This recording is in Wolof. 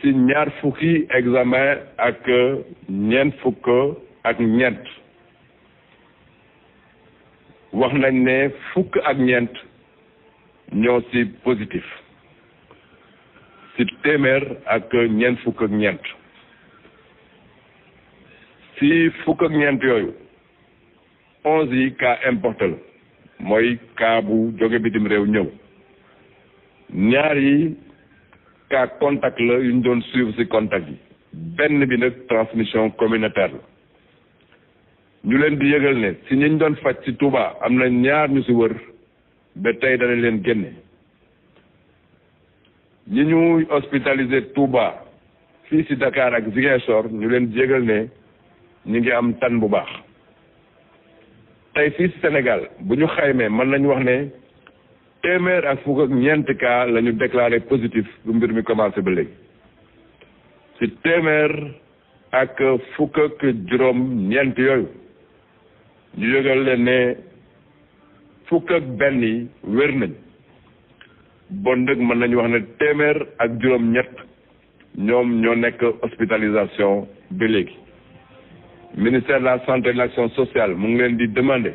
ci ñaar fukki examen ak ñeent fukk ak ñeent wax nañ ne fukk ak ñeent ñoo ci positif ci téeméer ak ñeent fukk ak ñeent ci fukk ak ñeent yooyu onze yi cas importé mooy cas bu jóge bitim réew ñëw ñaar yi cas contact la yu ñu doon suivre ci contact yi benn bi nag transmission communautaire la ñu leen di yëgal ne ci ñi ñu doon faj ci Touba am na ñaar ñu ci wër ba tey danañ leen génne ñi ñuy hospitalisé Touba fii ci Dakar ak Ziguinchor ñu leen di yëgal ne ñu ngi am tan bu baax tey fii ci Sénégal bu ñu xaymee man nañu wax ne téeméer ak fukk ak ñeenti cas la ñu positif bu mbir mi commencé ba léegi ci téeméer ak fukk ak juróom ñeent yooyu ñu yëgal leen ne fukk ak benn yi wér nañ bon dëgg mën nañu wax ne téeméer ak juróom ñett ñoom ñoo nekk hospitalisation ba léegi ministère la santé et de l'action sociale mu ngi leen di demander